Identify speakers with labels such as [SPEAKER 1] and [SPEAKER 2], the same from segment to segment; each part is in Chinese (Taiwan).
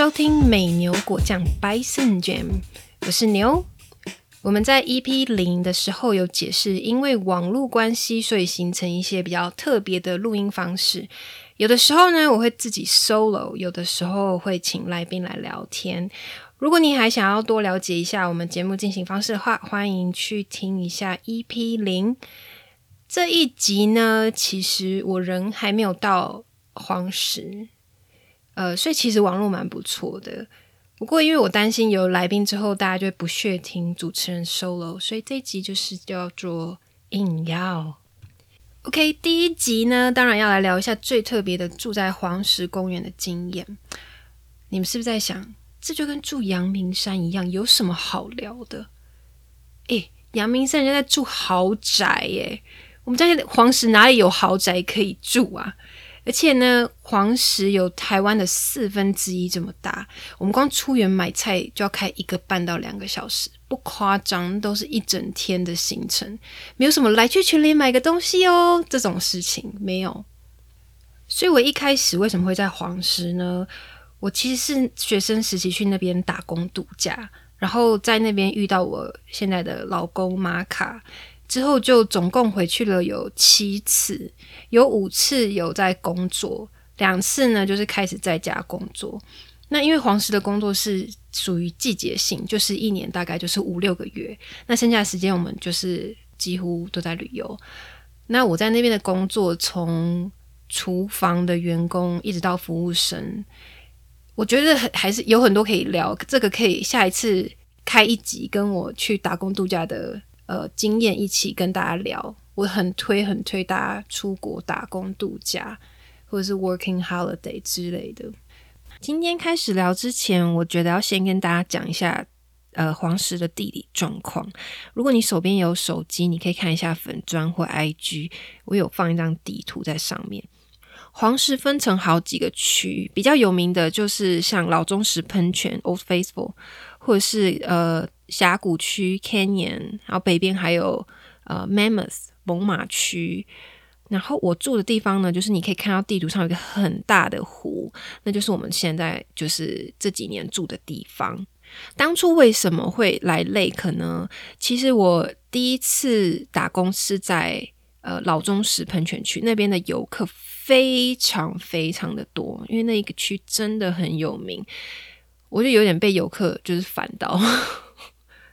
[SPEAKER 1] 收聽美牛果醬 Bison Jam，我是牛。我們在 EP 零的時候有解釋，因為網絡關係，所以形成一些比較特別的錄音方式。有的時候呢，我會自己 solo；有的時候會請來賓來聊天。如果你還想要多了解一下我們節目進行方式的話，歡迎去聽一下 EP 零這一集呢。其實我人還沒有到黃石。呃，所以其實網絡蠻不錯的。不過因為我擔心有來賓之後，大家就會不屑聽主持人 solo，所以這一集就是叫做硬要。OK，第一集呢，當然要來聊一下最特別的住在黃石公園的經驗。你們是不是在想，這就跟住陽明山一樣，有什麼好聊的？哎，陽明山人家在住豪宅耶，我們家黃石哪裡有豪宅可以住啊？而且呢，黃石有台灣的四分之一這麼大。我們光出園買菜就要開一個半到兩個小時，不誇張，都是一整天的行程。沒有什麼來去全聯買個東西哦，這種事情沒有。所以我一開始為什麼會在黃石呢？我其實是學生時期去那邊打工度假，然後在那邊遇到我現在的老公馬卡。之後就總共回去了有七次，有五次有在工作，兩次呢就是開始在家工作。那因為黃石的工作是屬於季節性，就是一年大概就是五六個月，那剩下的時間我們就是幾乎都在旅遊。那我在那邊的工作，從廚房的員工一直到服務生，我覺得還是有很多可以聊，這個可以下一次開一集跟我去打工度假的。呃，經驗一起跟大家聊，我很推很推大家出國打工度假，或者是 working holiday 之類的。今天開始聊之前，我覺得要先跟大家講一下呃黃石的地理狀況。如果你手邊有手機，你可以看一下粉專或 IG，我有放一張地圖在上面。黃石分成好幾個區，比較有名的就是像老忠實噴泉 Old Faithful 或者是呃峽谷區 Canyon，然後北邊還有呃 Mammoth 蒙馬區，然後我住的地方呢，就是你可以看到地圖上有一個很大的湖，那就是我們現在就是這幾年住的地方。當初為什麼會來 Lake 呢？其實我第一次打工是在呃老忠實噴泉區，那邊的遊客非常非常的多，因為那一個區真的很有名。我就有點被遊客就是煩到，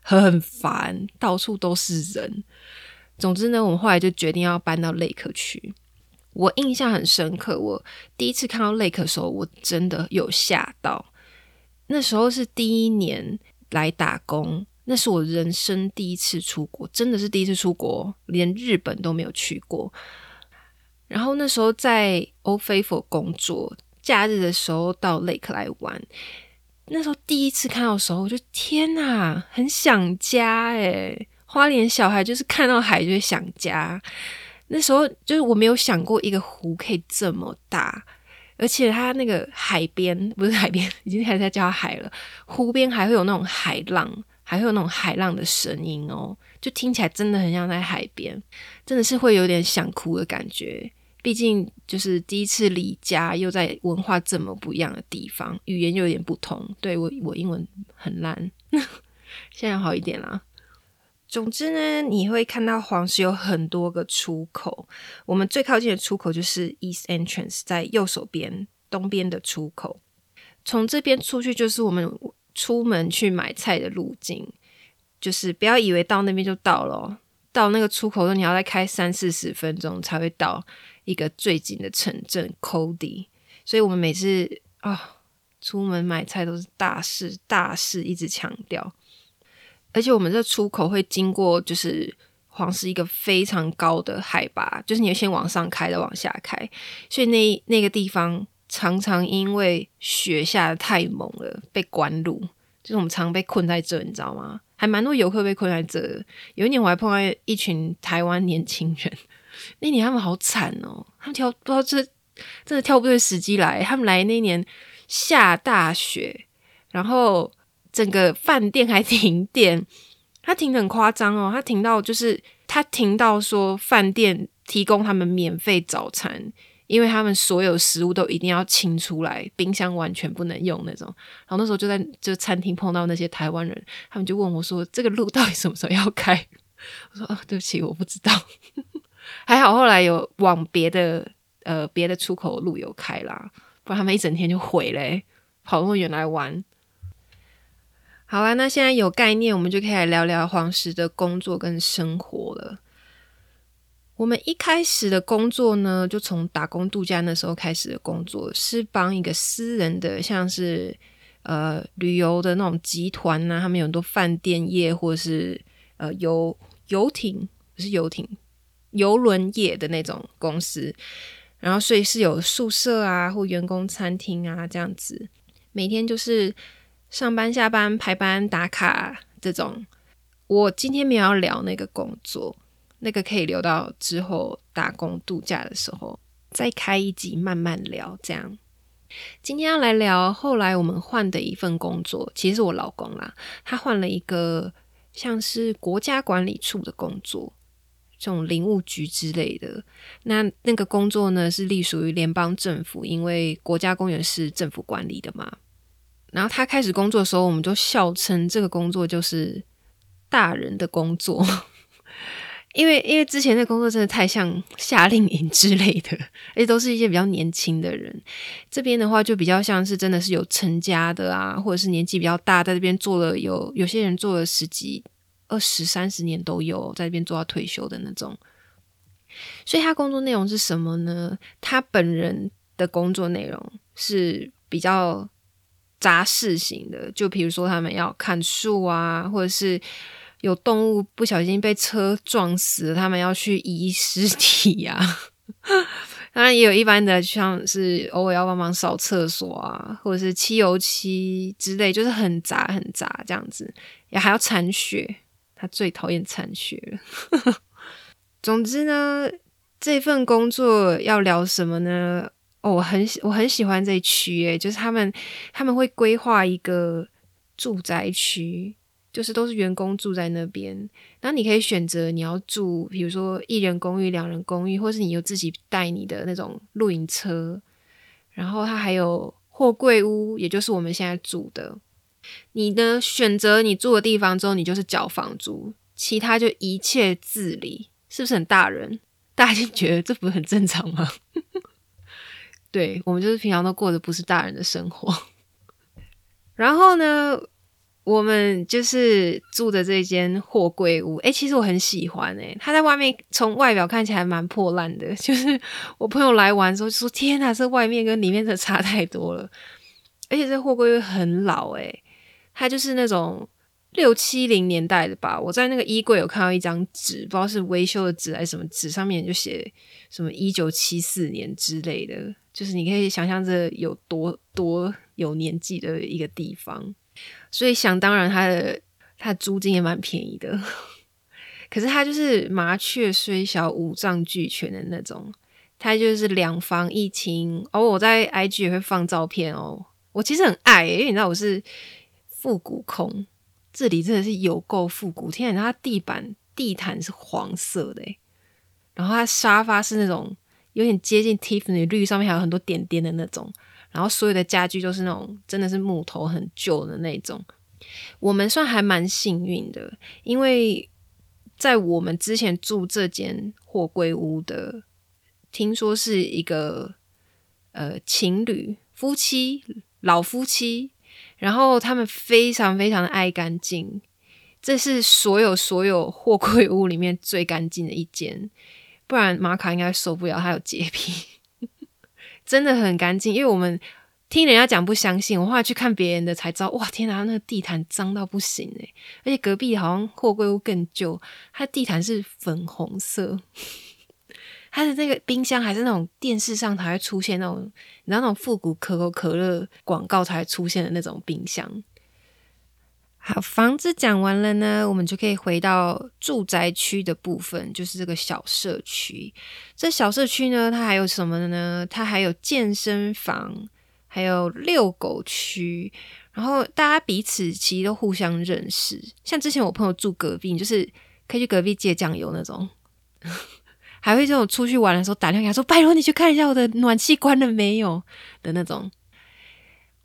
[SPEAKER 1] 很煩，到處都是人。總之呢，我們後來就決定要搬到 Lake 去。我印象很深刻，我第一次看到 Lake 的時候，我真的有嚇到。那時候是第一年來打工，那是我人生第一次出國，真的是第一次出國，連日本都沒有去過。然後那時候在 Old Faithful 工作，假日的時候到 Lake 來玩。那時候第一次看到的時候，我就天吶，很想家誒。花蓮小孩就是看到海就會想家。那時候就是我沒有想過一個湖可以這麼大，而且它那個海邊不是海邊，已經還在叫它海了。湖邊還會有那種海浪，還會有那種海浪的聲音哦、喔，就聽起來真的很像在海邊，真的是會有點想哭的感覺。畢竟就是第一次離家，又在文化這麼不一樣的地方，語言又有點不同。對我，我英文很爛， 現在好一點啦。總之呢，你會看到黃石有很多個出口，我們最靠近的出口就是 East Entrance，在右手邊東邊的出口。從這邊出去就是我們出門去買菜的路徑，就是不要以為到那邊就到了喔，到那個出口的時候你要再開三四十分鐘才會到。一個最近的城鎮，Cody。所以我們每次啊、哦、出門買菜都是大事，大事，一直強調。而且我們這出口會經過就是黃石一個非常高的海拔，就是你要先往上開，再往下開。所以那那個地方常常因為雪下得太猛了，被關路，就是我們常被困在這，你知道嗎？還蠻多遊客被困在這。有一年我還碰到一群台灣年輕人。那年他們好慘哦，他們挑不知道這真的挑不對時機來。他們來那年下大雪，然後整個飯店還停電。他停得很誇張哦，他停到就是他停到說飯店提供他們免費早餐，因為他們所有食物都一定要清出來，冰箱完全不能用那種。然後那時候就在就餐廳碰到那些台灣人，他們就問我說：“這個路到底什麼時候要開？”我說：“哦，對不起，我不知道。”還好，後來有往別的呃別的出口的路有開啦。不然他們一整天就毀嘞，欸，跑那麼遠來玩。好啦，啊，那現在有概念，我們就可以來聊聊黃石的工作跟生活了。我們一開始的工作呢，就從打工度假那時候開始的工作，是幫一個私人的，像是呃旅遊的那種集團吶，啊，他們有很多飯店業，或是呃遊遊艇，不是遊艇。郵輪業的那種公司，然後所以是有宿舍啊，或員工餐廳啊這樣子，每天就是上班下班排班打卡這種。我今天沒有要聊那個工作，那個可以留到之後打工度假的時候再開一集慢慢聊這樣。今天要來聊後來我們換的一份工作，其實是我老公啦，他換了一個像是國家管理處的工作。這種林務局之類的，那那個工作呢，是隸屬於聯邦政府，因為國家公園是政府管理的嘛。然後他開始工作的時候，我們就笑稱這個工作就是大人的工作， 因為因為之前那工作真的太像夏令營之類的，而且都是一些比較年輕的人。這邊的話就比較像是真的是有成家的啊，或者是年紀比較大，在這邊做了有有些人做了十幾。二十三十年都有在這邊做到退休的那種，所以他工作內容是什麼呢？他本人的工作內容是比較雜事型的，就比如說他們要砍樹啊，或者是有動物不小心被車撞死了，他們要去移屍體呀、啊。 當然也有一般的，像是偶爾要幫忙掃廁所啊，或者是漆油漆之類，就是很雜很雜這樣子，也還要鏟雪。他最討厭殘缺了。 總之呢，這份工作要聊什麼呢？哦，我很喜我很喜歡這區誒，就是他們他們會規劃一個住宅區，就是都是員工住在那邊。然後你可以選擇你要住，比如說一人公寓、兩人公寓，或是你有自己帶你的那種露營車。然後他還有貨櫃屋，也就是我們現在住的。你呢，選擇，你住的地方之後，你就是繳房租，其他就一切自理，是不是很大人？大家就覺得這不是很正常嗎？ 對，我們就是平常都過的不是大人的生活。 然後呢，我們就是住的這間貨櫃屋，哎、欸，其實我很喜歡哎、欸，它在外面從外表看起來蠻破爛的，就是我朋友來玩的時候就說：“天哪、啊，這外面跟裡面的差太多了。”而且這貨櫃又很老哎、欸。它就是那種六七零年代的吧，我在那個衣櫃有看到一張紙，不知道是維修的紙還是什麼紙，上面就寫什麼一九七四年之類的，就是你可以想象這有多多有年紀的一個地方，所以想當然它的它的租金也蠻便宜的， 可是它就是麻雀雖小五臟俱全的那種，它就是兩房一廳哦，我在 IG 也會放照片哦，我其實很愛、欸，因為你知道我是。復古控，這裡真的是有夠復古。天啊，它地板地毯是黃色的，然後它沙發是那種有點接近 Tiffany 綠，上面還有很多點點的那種。然後所有的家具都是那種真的是木頭很舊的那種。我們算還蠻幸運的，因為在我們之前住這間貨櫃屋的，聽說是一個呃情侶、夫妻、老夫妻。然後他們非常非常的愛乾淨，這是所有所有貨櫃屋裡面最乾淨的一間，不然瑪卡應該受不了，他有潔癖， 真的很乾淨。因為我們聽人家講不相信，我後來去看別人的才知道，哇，天哪，那個地毯髒到不行哎，而且隔壁好像貨櫃屋更舊，它的地毯是粉紅色。它的那個冰箱還是那種電視上才會出現那種，你知道那種復古可口可樂廣告才會出現的那種冰箱。好，房子講完了呢，我們就可以回到住宅區的部分，就是這個小社區。這小社區呢，它還有什麼的呢？它還有健身房，還有遛狗區，然後大家彼此其實都互相認識。像之前我朋友住隔壁，就是可以去隔壁借醬油那種。還會這種出去玩的時候打電話給他說：“拜託你去看一下我的暖氣關了沒有？”的那種。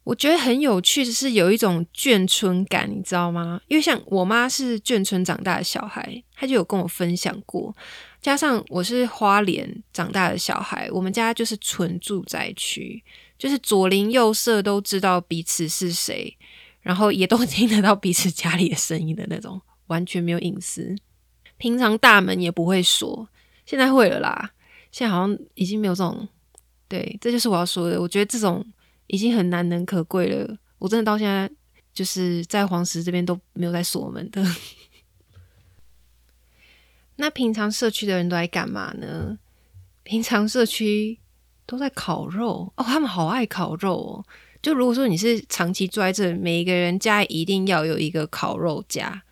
[SPEAKER 1] 我覺得很有趣的是，有一種眷村感，你知道嗎？因為像我媽是眷村長大的小孩，她就有跟我分享過。加上我是花蓮長大的小孩，我們家就是純住宅區，就是左鄰右舍都知道彼此是誰，然後也都聽得到彼此家裡的聲音的那種，完全沒有隱私。平常大門也不會鎖。現在會了啦，現在好像已經沒有這種，對，這就是我要說的。我覺得這種已經很難能可貴了。我真的到現在就是在黃石這邊都沒有在鎖門的。 那平常社區的人都在幹嘛呢？平常社區都在烤肉哦，他們好愛烤肉哦。就如果說你是長期住在這，每一個人家一定要有一個烤肉架。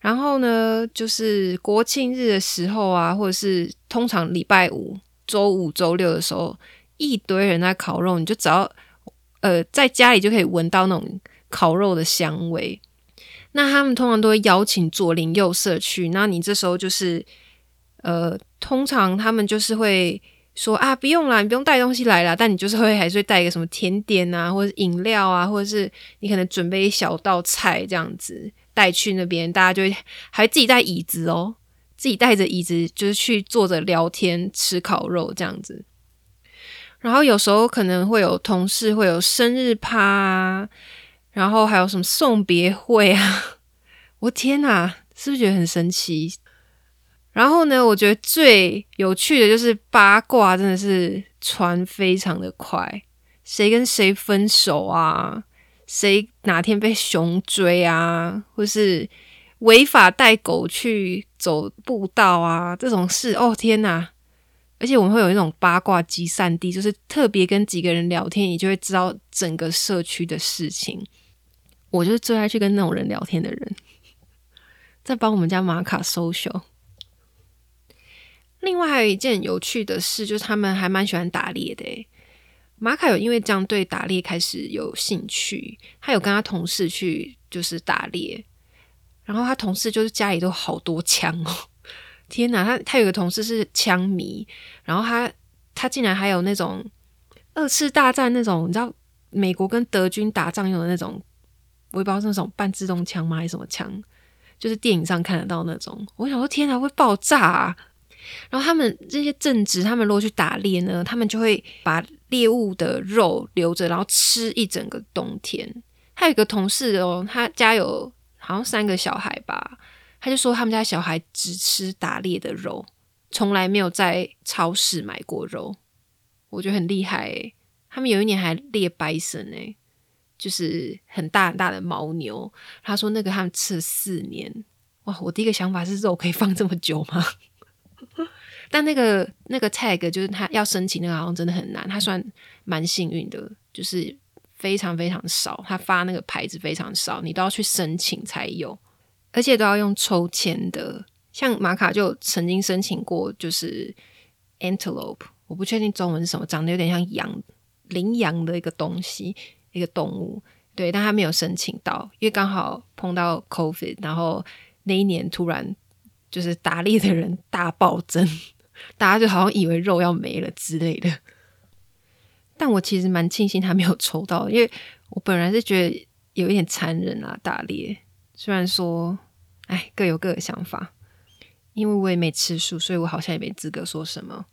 [SPEAKER 1] 然後呢，就是國慶日的時候啊，或者是通常禮拜五、週五、週六的時候，一堆人在烤肉，你就只要呃在家裡就可以聞到那種烤肉的香味。那他們通常都會邀請左鄰右舍去，那你這時候就是呃，通常他們就是會說啊，不用啦，你不用帶東西來啦，但你就是會還是會帶一個什麼甜點啊，或者飲料啊，或者是你可能準備一小道菜這樣子。帶去那邊，大家就還自己帶椅子哦，自己帶着椅子就是去坐着聊天、吃烤肉這樣子。然後有時候可能會有同事會有生日趴啊，然後還有什麼送別會啊。 我天吶，是不是覺得很神奇？然後呢，我覺得最有趣的就是八卦，真的是傳非常的快，誰跟誰分手啊，誰哪天被熊追啊，或是違法帶狗去走步道啊，這種事哦天吶，而且我們會有一種八卦集散地，就是特別跟幾個人聊天，你就會知道整個社區的事情。我就是最愛去跟那種人聊天的人，在幫我們家瑪卡收修。另外還有一件很有趣的事，就是他們還蠻喜歡打獵的耶。馬卡有因為這樣對打獵開始有興趣，他有跟他同事去就是打獵，然後他同事就是家裡都好多槍哦，天哪，他他有個同事是槍迷，然後他他竟然還有那種二次大戰那種你知道美國跟德軍打仗用的那種，我也不知道是那種半自動槍嗎還是什麼槍，就是電影上看得到那種，我想說天哪會爆炸啊！然後他們這些正職，他們如果去打獵呢，他們就會把。獵物的肉留着，然後吃一整個冬天。他有一個同事哦，他家有好像三個小孩吧，他就說他們家小孩只吃打獵的肉，從來沒有在超市買過肉。我覺得很厲害，他們有一年還獵白神呢，就是很大很大的牦牛。他說那個他們吃了四年，哇！我第一個想法是肉可以放這麼久嗎？但那個那個 tag 就是他要申請那個好像真的很難，他算蠻幸運的，就是非常非常少，他發那個牌子非常少，你都要去申請才有，而且都要用抽籤的。像馬卡就曾經申請過，就是 antelope，我不確定中文是什麼，長得有點像羊，羚羊的一個東西，一個動物。對，但他沒有申請到，因為剛好碰到 COVID，然後那一年突然就是打獵的人大暴增。大家就好像以為肉要沒了之類的，但我其實蠻慶幸他沒有抽到，因為我本來是覺得有一點殘忍啊，打獵。雖然說，哎，各有各的想法，因為我也沒吃素，所以我好像也沒資格說什麼。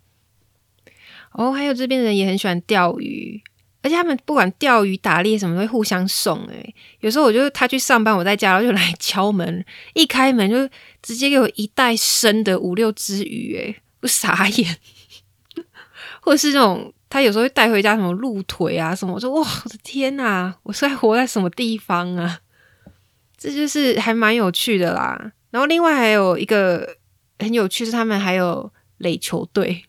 [SPEAKER 1] 哦，還有這邊的人也很喜歡釣魚，而且他們不管釣魚、打獵什麼，都會互相送，欸。哎，有時候我就他去上班，我在家，然後就來敲門，一開門就直接給我一袋生的五六只魚，欸，哎。不傻眼， 或者是這種，他有時候會帶回家什麼鹿腿啊什麼，我說哇，我的天吶、啊，我是在活在什麼地方啊？這就是還蠻有趣的啦。然後另外還有一個很有趣是，他們還有壘球隊，誒、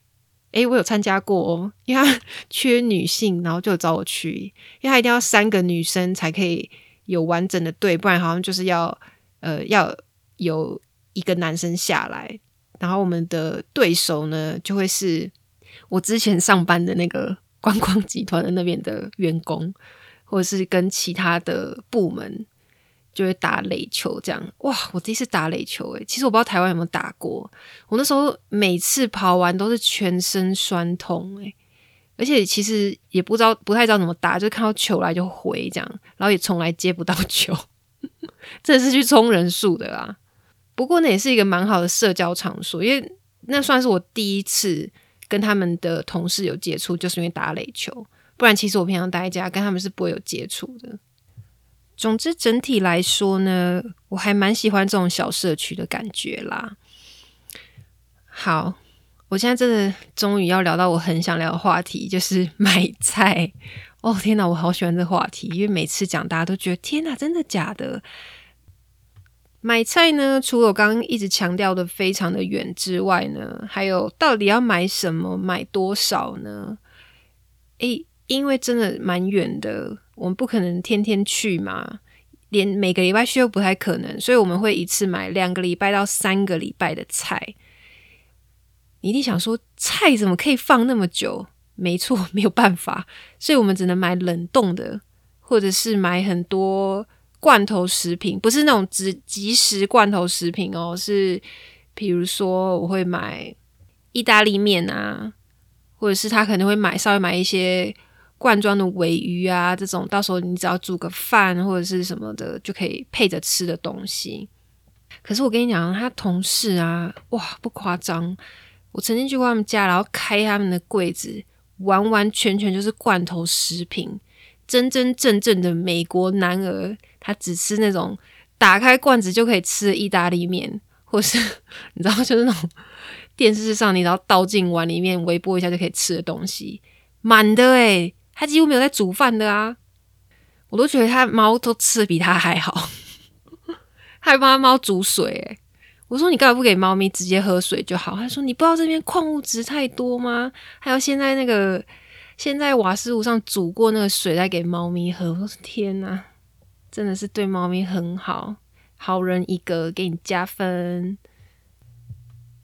[SPEAKER 1] 欸，我有參加過哦，因為他缺女性，然後就找我去，因為他一定要三個女生才可以有完整的隊，不然好像就是要呃要有一個男生下來。然後我們的對手呢，就會是我之前上班的那個觀光集團的那邊的員工，或者是跟其他的部門就會打壘球這樣。哇，我第一次打壘球誒，其實我不知道台灣有沒有打過。我那時候每次跑完都是全身酸痛誒，而且其實也不知道，不太知道怎麼打，就看到球來就回這樣，然後也從來接不到球。這 是去充人數的啦、啊。不過呢，也是一個蠻好的社交場所，因為那算是我第一次跟他們的同事有接觸，就是因為打壘球。不然其實我平常待在家跟他們是不會有接觸的。總之整體來說呢，我還蠻喜歡這種小社區的感覺啦。好，我現在真的終於要聊到我很想聊的話題，就是買菜。哦天哪，我好喜歡這個話題，因為每次講大家都覺得天哪，真的假的？買菜呢，除了我剛剛一直強調的非常的遠之外呢，還有到底要買什麼，買多少呢？誒、欸，因為真的蠻遠的，我們不可能天天去嘛，連每個禮拜去又不太可能，所以我們會一次買兩個禮拜到三個禮拜的菜。你一定想說菜怎麼可以放那麼久？沒錯，沒有辦法，所以我們只能買冷凍的，或者是買很多。罐頭食品不是那種直即食罐頭食品哦，是比如說我會買意大利面啊，或者是他可能會買稍微買一些罐裝的鮪魚啊這種，到時候你只要煮個飯或者是什麼的就可以配着吃的東西。可是我跟你講，他同事啊，哇，不誇張，我曾經去過他們家，然後開他們的櫃子，完完全全就是罐頭食品，真真正正的美國男兒。他只吃那種打開罐子，就可以吃的意大利麵，或是你知道，就是那種電視上你然後倒進碗裡面微波一下就可以吃的東西，滿的誒，他幾乎沒有在煮飯的啊，我都覺得他貓都吃的比他還好， 他還幫他貓煮水誒，我說你幹嘛不給貓咪直接喝水就好？他說你不知道這邊礦物質太多嗎？還有現在那個現在瓦斯爐上煮過那個水來給貓咪喝，我說天吶。真的是對貓咪很好，好人一個，給你加分。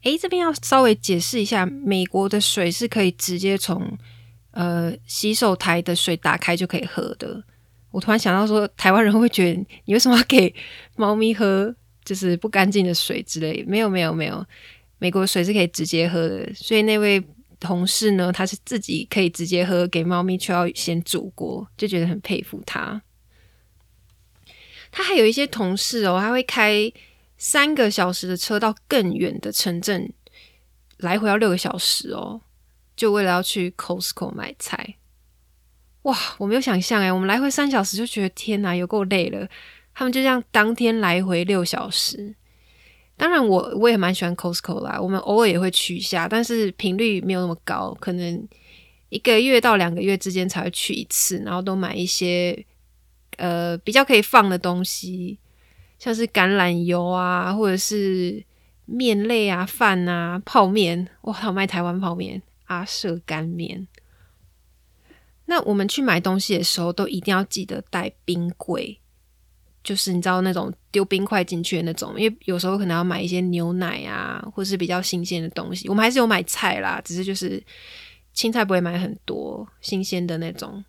[SPEAKER 1] 哎、欸，這邊要稍微解釋一下，美國的水是可以直接從呃洗手台的水打開就可以喝的。我突然想到說，台灣人會覺得你為什麼要給貓咪喝，就是不乾淨的水之類的？沒有沒有沒有，美國水是可以直接喝的。所以那位同事呢，他是自己可以直接喝，給貓咪卻要先煮過，就覺得很佩服他。他還有一些同事哦，他會開三個小時的車到更遠的城鎮，來回要六個小時哦，就為了要去 Costco 買菜。哇，我沒有想象哎，我們來回三小時就覺得天吶，有夠累了。他們就像當天來回六小時。當然我，我我也蠻喜歡 Costco 啦，我們偶爾也會去一下，但是頻率沒有那麼高，可能一個月到兩個月之間才會去一次，然後都買一些。呃，比較可以放的東西，像是橄欖油啊，或者是麵類啊、飯啊、泡麵。我好賣台灣泡麵，阿舍乾麵。那我們去買東西的時候，都一定要記得帶冰櫃，就是你知道那種丟冰塊進去的那種，因為有時候可能要買一些牛奶啊，或是比較新鮮的東西。我們還是有買菜啦，只是就是青菜不會買很多，新鮮的那種。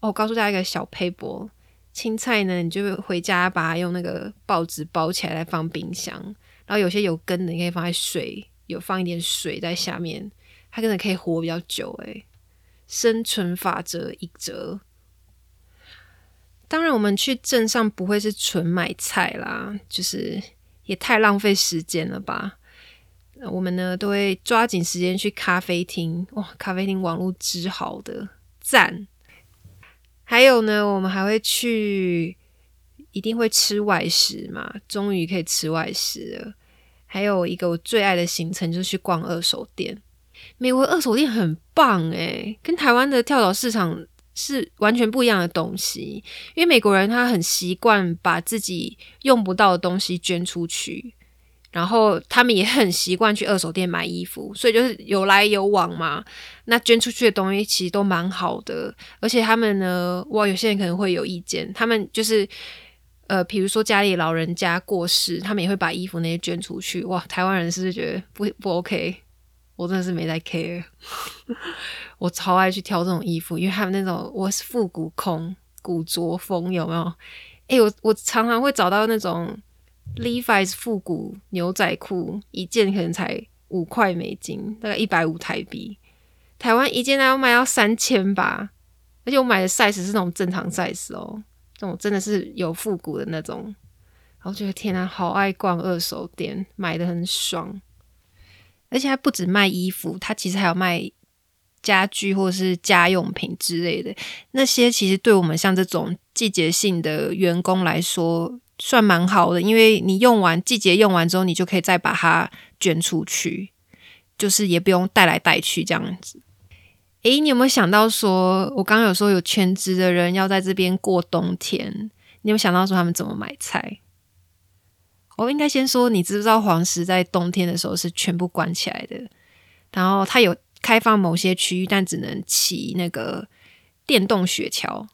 [SPEAKER 1] 哦，告訴大家一個小撇步。青菜呢，你就回家把它用那個報紙包起來，來，再放冰箱。然後有些有根的，你可以放在水，有放一點水在下面，它可能可以活比較久。哎，生存法則一則。當然，我們去鎮上不會是純買菜啦，就是也太浪費時間了吧。我們呢都會抓緊時間去咖啡廳。哇，咖啡廳網絡之好的，讚！還有呢，我們還會去，一定會吃外食嘛，終於可以吃外食了。還有一個我最愛的行程就是去逛二手店，美國二手店很棒誒，跟台灣的跳蚤市場是完全不一樣的東西，因為美國人他很習慣把自己用不到的東西捐出去。然後他們也很習慣去二手店買衣服，所以就是有來有往嘛。那捐出去的東西其實都蠻好的，而且他們呢，哇，有些人可能會有意見。他們就是，呃，比如說家裡老人家過世，他們也會把衣服那些捐出去。哇，台灣人是不是覺得不不 OK？我真的是沒在 care。 我超愛去挑這種衣服，因為他們那種，我是復古控，古着風有沒有？誒、欸，我我常常會找到那種。Levi's 復古牛仔褲一件可能才五塊美金，大概一百五台幣。台灣一件要賣到三千吧，而且我買的 size 是那種正常 size 哦，這種真的是有復古的那種。然後覺得天啊，好愛逛二手店，買的很爽。而且它不止賣衣服，它其實還有賣家具或者是家用品之類的。那些其實對我們像這種季節性的員工來說。算蠻好的，因為你用完季節用完之後，你就可以再把它捐出去，就是也不用帶來帶去這樣子。誒，你有沒有想到說，我剛剛有說有全職的人要在這邊過冬天，你有沒有想到說他們怎麼買菜？我、哦、應該先說，你知不知道黃石在冬天的時候是全部關起來的，然後它有開放某些區域，但只能騎那個電動雪橇。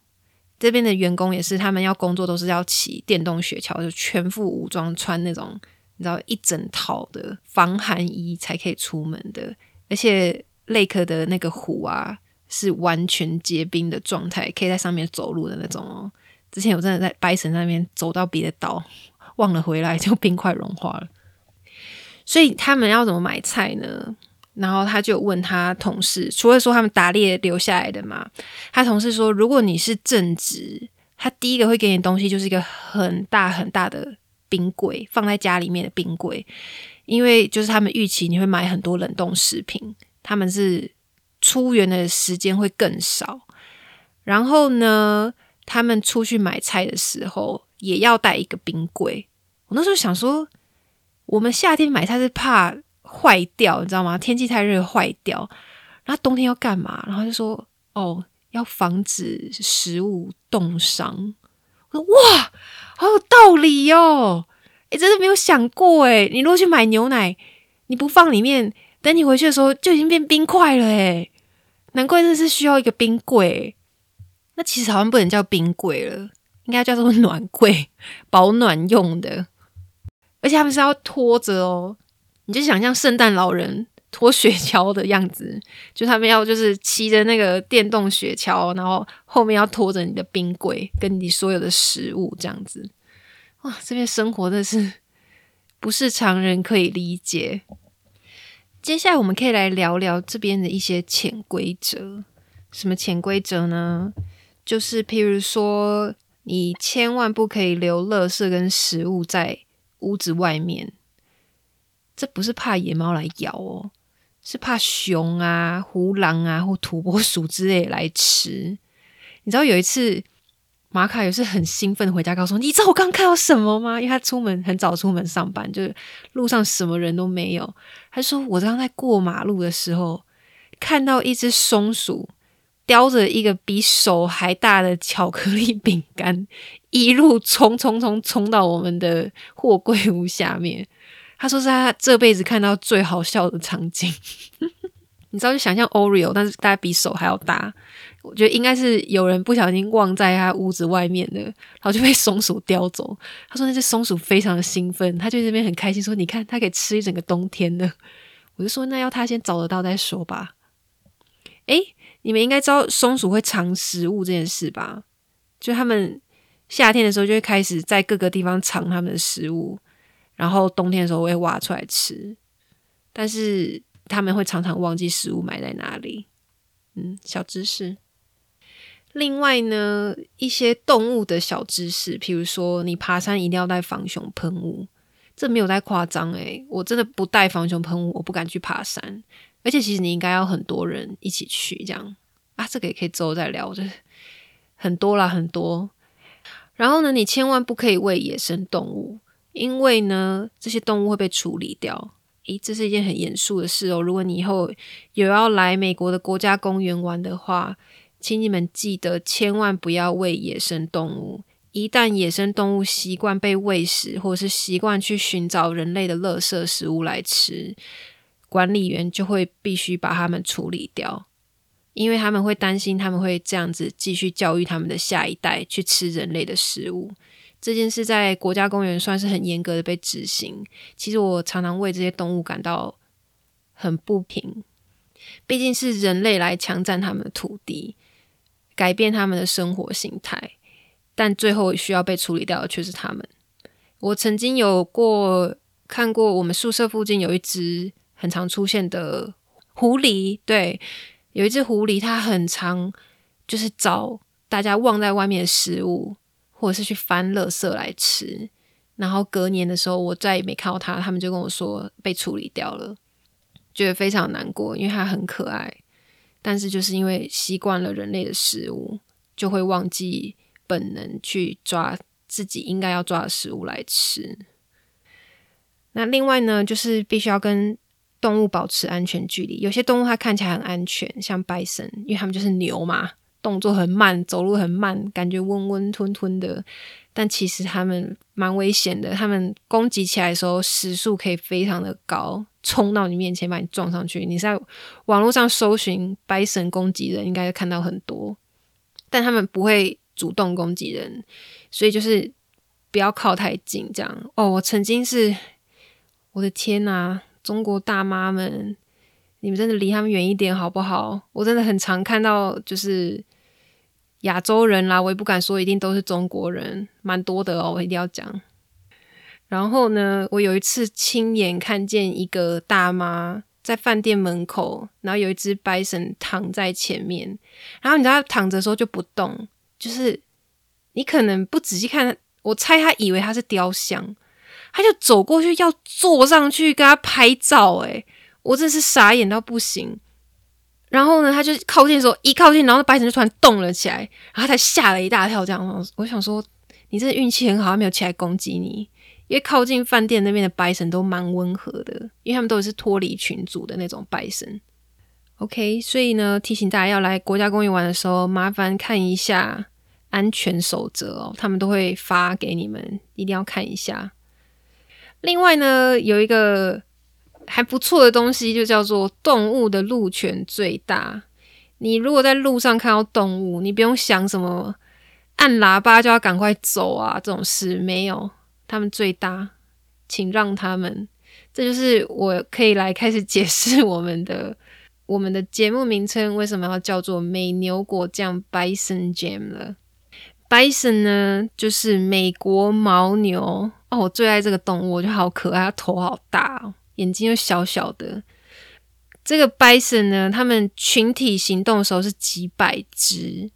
[SPEAKER 1] 這邊的員工也是，他們要工作都是要騎電動雪橇，就全副武裝，穿那種你知道一整套的防寒衣才可以出門的。而且 Lake 的那個湖啊，是完全結冰的狀態，可以在上面走路的那種哦、喔。之前我真的在白神那邊走到別的島，忘了回來，就冰塊融化了。所以他們要怎麼買菜呢？然後他就問他同事，除了說他們打獵留下來的嘛，他同事說，如果你是正職，他第一個會給你東西就是一個很大很大的冰櫃，放在家裡面的冰櫃，因為就是他們預期你會買很多冷凍食品，他們是出園的時間會更少，然後呢，他們出去買菜的時候也要帶一個冰櫃。我那時候想說，我們夏天買菜是怕。壞掉，你知道嗎？天氣太熱，壞掉。然後冬天要幹嘛？然後就說：“哦，要防止食物凍傷。”我說：“哇，好有道理喲、哦！你真的沒有想過哎。你如果去買牛奶，你不放裡面，等你回去的時候就已經變冰塊了哎。難怪這是需要一個冰櫃。那其實好像不能叫冰櫃了，應該叫做暖櫃，保暖用的。而且他們是要拖着哦。”你就想像聖誕老人拖雪橇的樣子，就他們要就是騎着那個電動雪橇，然後後面要拖着你的冰櫃跟你所有的食物這樣子。哇，這邊生活的是不是常人可以理解。接下來我們可以來聊聊這邊的一些潛規則。什麼潛規則呢？就是譬如說，你千萬不可以留垃圾跟食物在屋子外面。這不是怕野貓來咬哦，是怕熊啊、狐狼啊或土撥鼠之類來吃。你知道有一次，瑪卡也是很興奮的回家，告訴我你知道我剛剛看到什麼嗎？因為他出門很早出門上班，就是路上什麼人都沒有。他說我剛剛在過馬路的時候，看到一只松鼠叼着一個比手還大的巧克力餅乾，一路衝冲冲冲衝到我們的貨櫃屋下面。他說是他這輩子看到最好笑的場景， 你知道就想象 Oreo，但是大家比手還要大。我覺得應該是有人不小心忘在他屋子外面的，然後就被松鼠叼走。他說那只松鼠非常的興奮，他就在那邊很開心，說你看，它可以吃一整個冬天的。我就說那要他先找得到再說吧。誒、欸，你們應該知道松鼠會藏食物這件事吧？就他們夏天的時候就會開始在各個地方藏他們的食物。然後冬天的時候會挖出來吃，但是他們會常常忘記食物埋在哪裡。嗯，小知識。另外呢，一些動物的小知識，譬如說，你爬山一定要帶防熊噴霧，這沒有太誇張哎、欸，我真的不帶防熊噴霧，我不敢去爬山。而且其實你應該要很多人一起去這樣啊，這個也可以之後再聊。就是很多啦，很多。然後呢，你千萬不可以餵野生動物。因為呢，這些動物會被處理掉。咦，這是一件很嚴肅的事哦。如果你以後有要來美國的國家公園玩的話，請你們記得千萬不要餵野生動物。一旦野生動物習慣被餵食，或者是習慣去尋找人類的垃圾食物來吃，管理員就會必須把它們處理掉，因為他們會擔心他們會這樣子繼續教育他們的下一代去吃人類的食物。這件事在國家公園算是很嚴格的被執行。其實我常常為這些動物感到很不平，畢竟是人類來強占他們的土地，改變他們的生活形態，但最後需要被處理掉的卻是他們。我曾經有過看過，我們宿舍附近有一隻很常出現的狐狸，對，有一隻狐狸，它很常就是找大家忘在外面的食物。或者是去翻垃圾來吃，然後隔年的時候我再也沒看到它，他們就跟我說被處理掉了，覺得非常難過，因為它很可愛。但是就是因為習慣了人類的食物，就會忘記本能去抓自己應該要抓的食物來吃。那另外呢，就是必須要跟動物保持安全距離。有些動物它看起來很安全，像 bison，因為它們就是牛嘛。動作很慢，走路很慢，感覺溫溫吞吞的。但其實他們蠻危險的，他們攻擊起來的時候時速可以非常的高，衝到你面前把你撞上去。你是在網絡上搜尋 bison 攻擊人，應該看到很多。但他們不會主動攻擊人，所以就是不要靠太近。這樣哦，我曾經是，我的天吶、啊，中國大媽們，你們真的離他們遠一點好不好？我真的很常看到，就是。亞洲人啦、啊，我也不敢說一定都是中國人，蠻多的哦，我一定要講。然後呢，我有一次親眼看見一個大媽在飯店門口，然後有一隻 bison 躺在前面，然後你知道他躺着的時候就不動，就是你可能不仔細看，我猜他以為他是雕像，他就走過去要坐上去跟他拍照。誒，我真是傻眼到不行。然後呢，他就靠近的時候，一靠近，然後那白神就突然動了起來，然後他嚇了一大跳。這樣，我想說，你這運氣很好，他沒有起來攻擊你，因為靠近飯店那邊的白神都蠻溫和的，因為他們都是脫離群組的那種白神。OK，所以呢，提醒大家要來國家公園玩的時候，麻煩看一下安全守則哦，他們都會發給你們，一定要看一下。另外呢，有一個。還不錯的東西就叫做動物的路權最大。你如果在路上看到動物，你不用想什麼按喇叭就要趕快走啊，這種事沒有。他們最大，請讓他們。這就是我可以來開始解釋我們的我們的節目名稱為什麼要叫做美牛果醬 Bison Jam 了。Bison 呢，就是美國牦牛。哦，我最愛這個動物，我覺得好可愛，它頭好大哦。眼睛又小小的，這個 Bison 呢，他們群體行動的時候是幾百隻，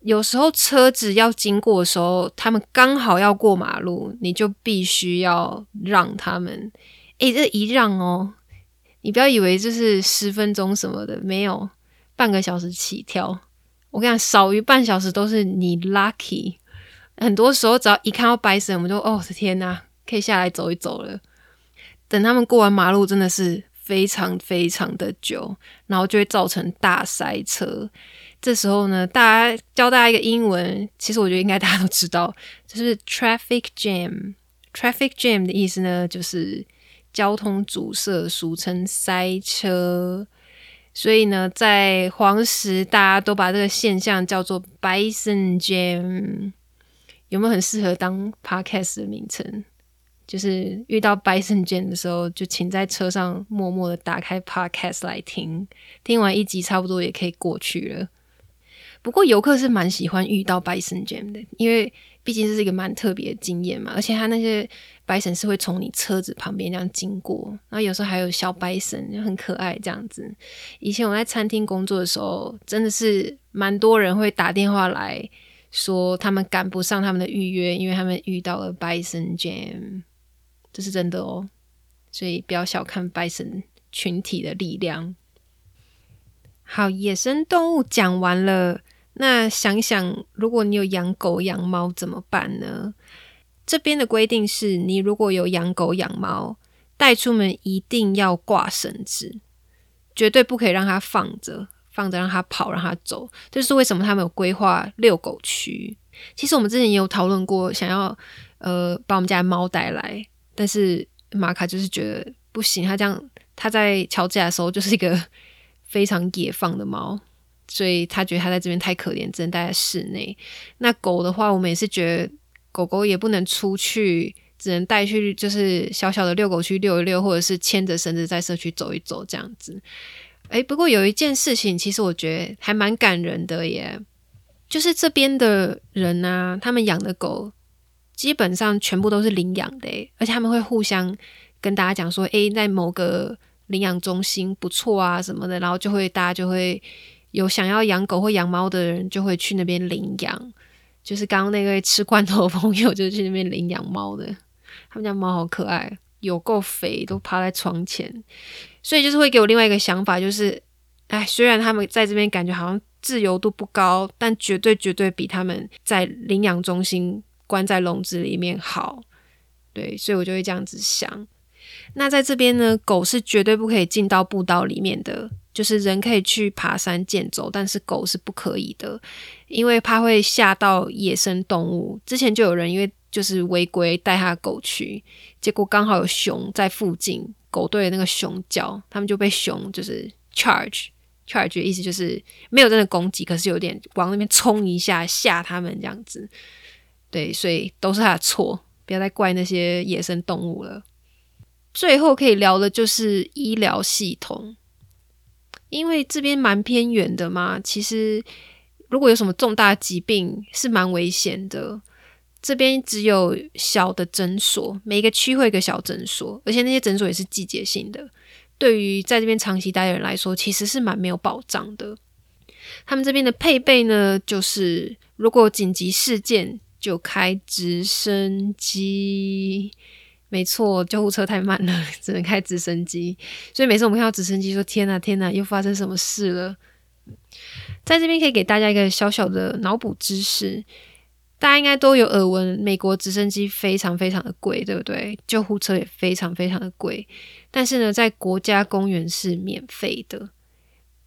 [SPEAKER 1] 有時候車子要經過的時候，他們剛好要過馬路，你就必須要讓他們。哎，這一讓哦，你不要以為這是十分鐘什麼的，沒有，半個小時起跳。我跟你講，少於半小時都是你 lucky。很多時候，只要一看到 Bison，我們就，哦，我的天吶，可以下來走一走了。等他們過完馬路，真的是非常非常的久，然後就會造成大塞車。這時候呢，大家教大家一個英文，其實我覺得應該大家都知道，就是 traffic jam。traffic jam 的意思呢，就是交通阻塞，俗稱塞車。所以呢，在黃石，大家都把這個現象叫做 bison jam。有沒有很適合當 podcast 的名稱？就是遇到 Bison Jam 的時候，就請在車上默默的打開 Podcast 來聽，聽完一集差不多也可以過去了。不過遊客是蠻喜歡遇到 Bison Jam 的，因為畢竟這是一個蠻特別的經驗嘛，而且他那些 Bison 是會從你車子旁邊這樣經過，然後有時候還有小 Bison，很可愛這樣子。以前我在餐廳工作的時候，真的是蠻多人會打電話來說他們趕不上他們的預約，因為他們遇到了 Bison Jam。這是真的哦，所以不要小看拜神群體的力量。好，野生動物講完了，那想想，如果你有養狗養貓怎麼辦呢？這邊的規定是，你如果有養狗養貓，帶出門一定要掛繩子，絕對不可以讓它放着放着讓它跑讓它走。這是為什麼他們有規劃遛狗區。其實我們之前也有討論過，想要呃把我們家的貓帶來。但是瑪卡就是覺得不行，他這樣，他在喬治亞的時候就是一個非常野放的貓，所以他覺得他在這邊太可憐，只能待在室內。那狗的話，我們也是覺得狗狗也不能出去，只能帶去就是小小的遛狗區遛一遛，或者是牽着繩子在社區走一走這樣子。哎、欸，不過有一件事情，其實我覺得還蠻感人的耶，就是這邊的人啊，他們養的狗。基本上全部都是領養的、欸，而且他們會互相跟大家講說：“誒、欸，在某個領養中心不錯啊，什麼的。”然後就會大家就會有想要養狗或養貓的人，就會去那邊領養。就是剛剛那位吃罐頭的朋友就去那邊領養貓的，他們家貓好可愛，有夠肥，都趴在床前。所以就是會給我另外一個想法，就是哎，雖然他們在這邊感覺好像自由度不高，但絕對絕對比他們在領養中心關在籠子裡面好，對，所以我就會這樣子想。那在這邊呢，狗是絕對不可以進到步道裡面的，就是人可以去爬山健走，但是狗是不可以的，因為怕會嚇到野生動物。之前就有人因為就是違規帶他狗去，結果剛好有熊在附近，狗對那個熊叫，他們就被熊就是 charge，charge charge 的意思就是沒有真的攻擊，可是有點往那邊衝一下，嚇他們這樣子。對，所以都是他的錯，不要再怪那些野生動物了。最後可以聊的就是醫療系統，因為這邊蠻偏遠的嘛。其實如果有什麼重大疾病，是蠻危險的。這邊只有小的診所，每一個區會有一個小診所，而且那些診所也是季節性的。對於在這邊長期待的人來說，其實是蠻沒有保障的。他們這邊的配備呢，就是如果緊急事件。就開直升機，沒錯，救護車太慢了，只能開直升機。所以每次我們看到直升機，說“天哪，天哪，又發生什麼事了？”在這邊可以給大家一個小小的腦補知識，大家應該都有耳聞，美國直升機非常非常的貴，對不對？救護車也非常非常的貴，但是呢，在國家公園是免費的。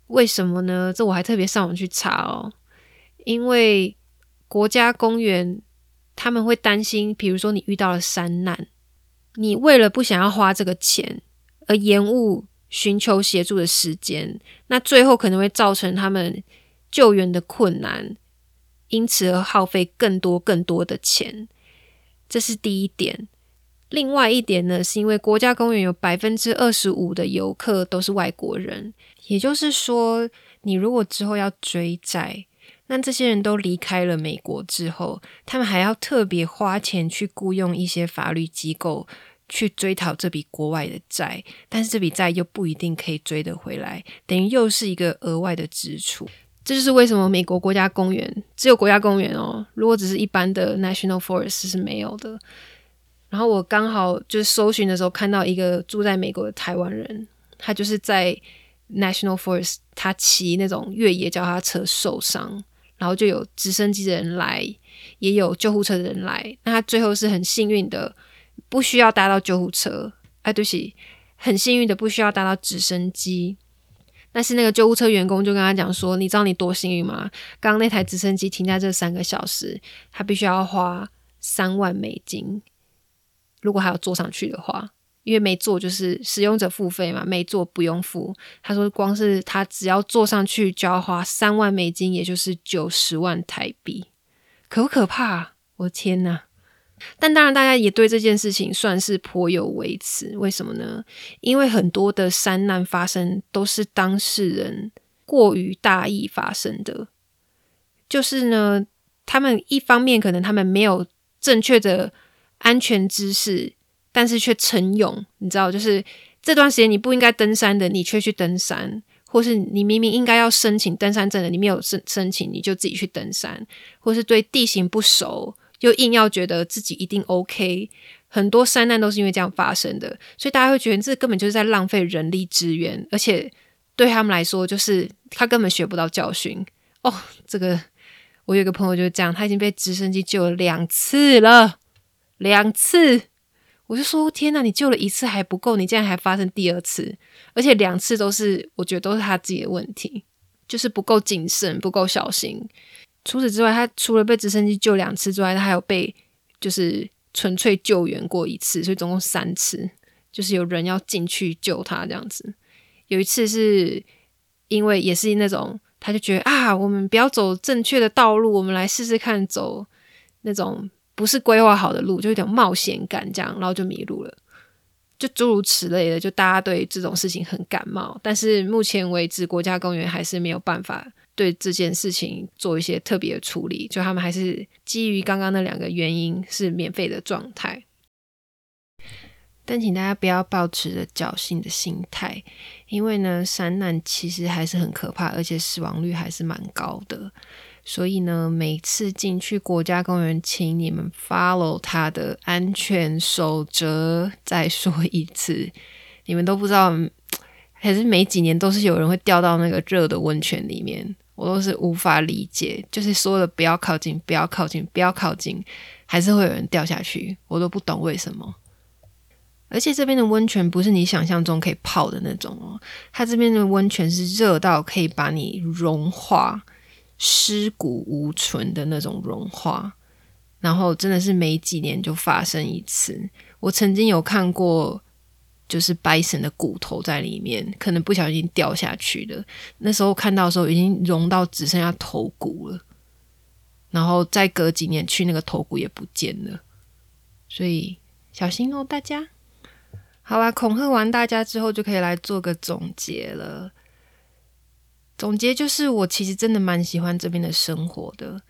[SPEAKER 1] 為什麼呢？這我還特別上網去查哦，因為。國家公園他們會擔心，比如說你遇到了山難，你為了不想要花這個錢而延誤尋求協助的時間，那最後可能會造成他們救援的困難，因此而耗費更多更多的錢。這是第一點。另外一點呢，是因為國家公園有百分之二十五的遊客都是外國人，也就是說，你如果之後要追債。那這些人都離開了美國之後，他們還要特別花錢去僱傭一些法律機構去追討這筆國外的債，但是這筆債又不一定可以追得回來，等於又是一個額外的支出。這就是為什麼美國國家公園，只有國家公園哦，如果只是一般的 National Forest 是沒有的。然後我剛好就是搜尋的時候看到一個住在美國的台灣人，他就是在 National Forest 他騎那種越野腳踏車受傷。然後就有直升機的人來，也有救護車的人來。那他最後是很幸運的，不需要搭到救護車。哎，對不起，很幸運的，不需要搭到直升機。但是那個救護車員工就跟他講說：“你知道你多幸運嗎？剛剛那台直升機停在這三個小時，他必須要花三萬美金，如果還要坐上去的話。”因為沒做，就是使用者付費嘛，沒做不用付。他說，光是他只要坐上去就要花三萬美金，也就是九十萬台幣，可不可怕？我天哪！但當然，大家也對這件事情算是頗有微詞。為什麼呢？因為很多的山難發生都是當事人過於大意發生的。就是呢，他們一方面可能他們沒有正確的安全知識。但是卻逞勇，你知道，就是這段時間你不應該登山的，你卻去登山；或是你明明應該要申請登山證的，你沒有申申請，你就自己去登山；或是對地形不熟，又硬要覺得自己一定 OK。很多山難都是因為這樣發生的，所以大家會覺得這根本就是在浪費人力資源，而且對他們來說，就是他根本學不到教訓。哦，這個我有個朋友就是這樣，他已經被直升機救了兩次了，兩次。我就說，天哪，你救了一次還不夠，你竟然還發生第二次，而且兩次都是，我覺得都是他自己的問題，就是不夠謹慎，不夠小心。除此之外，他除了被直升機救兩次之外，他還有被就是純粹救援過一次，所以總共三次，就是有人要進去救他這樣子。有一次是因為也是那種，他就覺得啊，我們不要走正確的道路，我們來試試看走那種。不是規劃好的路，就有點冒險感，這樣，然後就迷路了，就諸如此類的，就大家對這種事情很感冒。但是目前為止，國家公園還是沒有辦法對這件事情做一些特別的處理，就他們還是基於剛剛那兩個原因是免費的狀態。但請大家不要抱持着僥倖的心態，因為呢，山難其實還是很可怕，而且死亡率還是蠻高的。所以呢，每次進去國家公園，請你們 follow 它的安全守則。再說一次，你們都不知道，還是每幾年都是有人會掉到那個熱的溫泉裡面，我都是無法理解。就是說了不要靠近，不要靠近，不要靠近，還是會有人掉下去，我都不懂為什麼。而且這邊的溫泉不是你想象中可以泡的那種哦，它這邊的溫泉是熱到可以把你融化。屍骨無存的那種融化，然後真的是沒幾年就發生一次。我曾經有看過，就是 bison 的骨頭在裡面，可能不小心掉下去的。那時候看到的時候，已經融到只剩下頭骨了。然後再隔幾年去，那個頭骨也不見了。所以小心哦，大家。好啦、啊，恐嚇完大家之後，就可以來做個總結了。總結就是，我其實真的蠻喜歡這邊的生活的。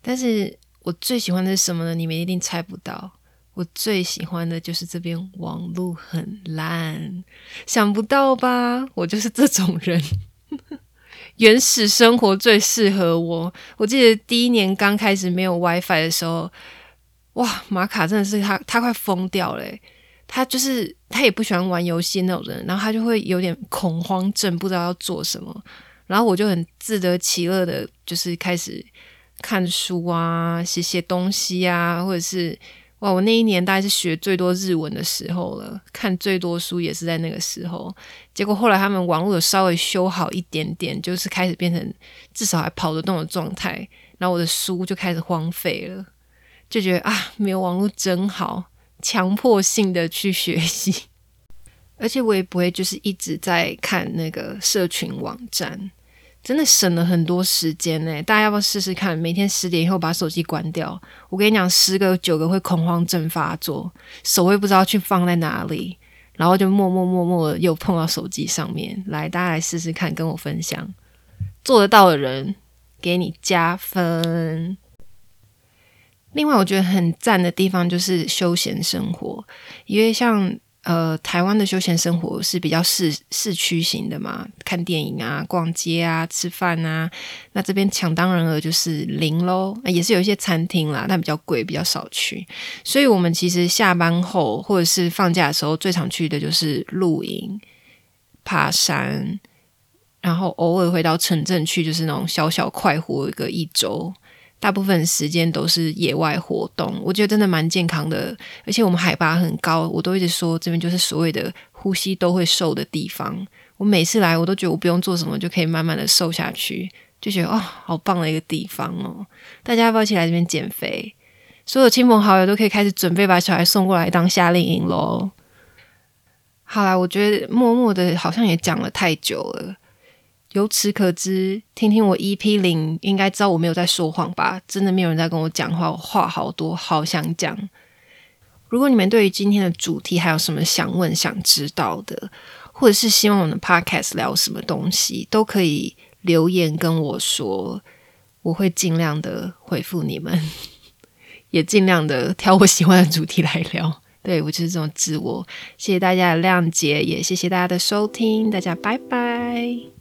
[SPEAKER 1] 但是我最喜歡的是什麼呢？你們一定猜不到。我最喜歡的就是這邊網絡很爛，想不到吧？我就是這種人， 原始生活最適合我。我記得第一年剛開始沒有 WiFi 的時候，哇，馬卡真的是他，他快瘋掉了。他就是他也不喜歡玩遊戲那種人，然後他就會有點恐慌症，不知道要做什麼。然後我就很自得其樂的，就是開始看書啊，寫寫東西啊，或者是哇，我那一年大概是學最多日文的時候了，看最多書也是在那個時候。結果後來他們網路有稍微修好一點點，就是開始變成至少還跑得動的狀態，然後我的書就開始荒廢了，就覺得啊，沒有網路真好，強迫性的去學習，而且我也不會就是一直在看那個社群網站。真的省了很多時間呢！大家要不要試試看？每天十點以後把手機關掉。我跟你講，十個九個會恐慌症發作，手會不知道去放在哪裡，然後就默默默默的又碰到手機上面。來，大家來試試看，跟我分享，做得到的人給你加分。另外，我覺得很讚的地方就是休閒生活，因為像呃，台灣的休閒生活是比較市市區型的嘛，看電影啊、逛街啊、吃飯啊，那這邊搶當然了就是零嘍，也是有一些餐廳啦，但比較貴，比較少去。所以我們其實下班後或者是放假的時候，最常去的就是露營、爬山，然後偶爾會到城鎮去，就是那種小小快活一個一週。大部分時間都是野外活動，我覺得真的蠻健康的，而且我們海拔很高，我都一直說這邊就是所謂的呼吸都會瘦的地方。我每次來，我都覺得我不用做什麼就可以慢慢的瘦下去，就覺得哦，好棒的一個地方哦！大家要不要一起來這邊減肥？所有親朋好友都可以開始準備把小孩送過來當夏令營嘍！好啦，我覺得默默的好像也講了太久了。由此可知，聽聽我 EP 零，應該知道我沒有在說謊吧？真的沒有人在跟我講話，我話好多，好想講。如果你們對於今天的主題還有什麼想問、想知道的，或者是希望我們的 podcast 聊什麼東西，都可以留言跟我說，我會盡量的回復你們， 也盡量的挑我喜歡的主題來聊。對，我就是這種自我。謝謝大家的諒解，也謝謝大家的收聽，大家拜拜。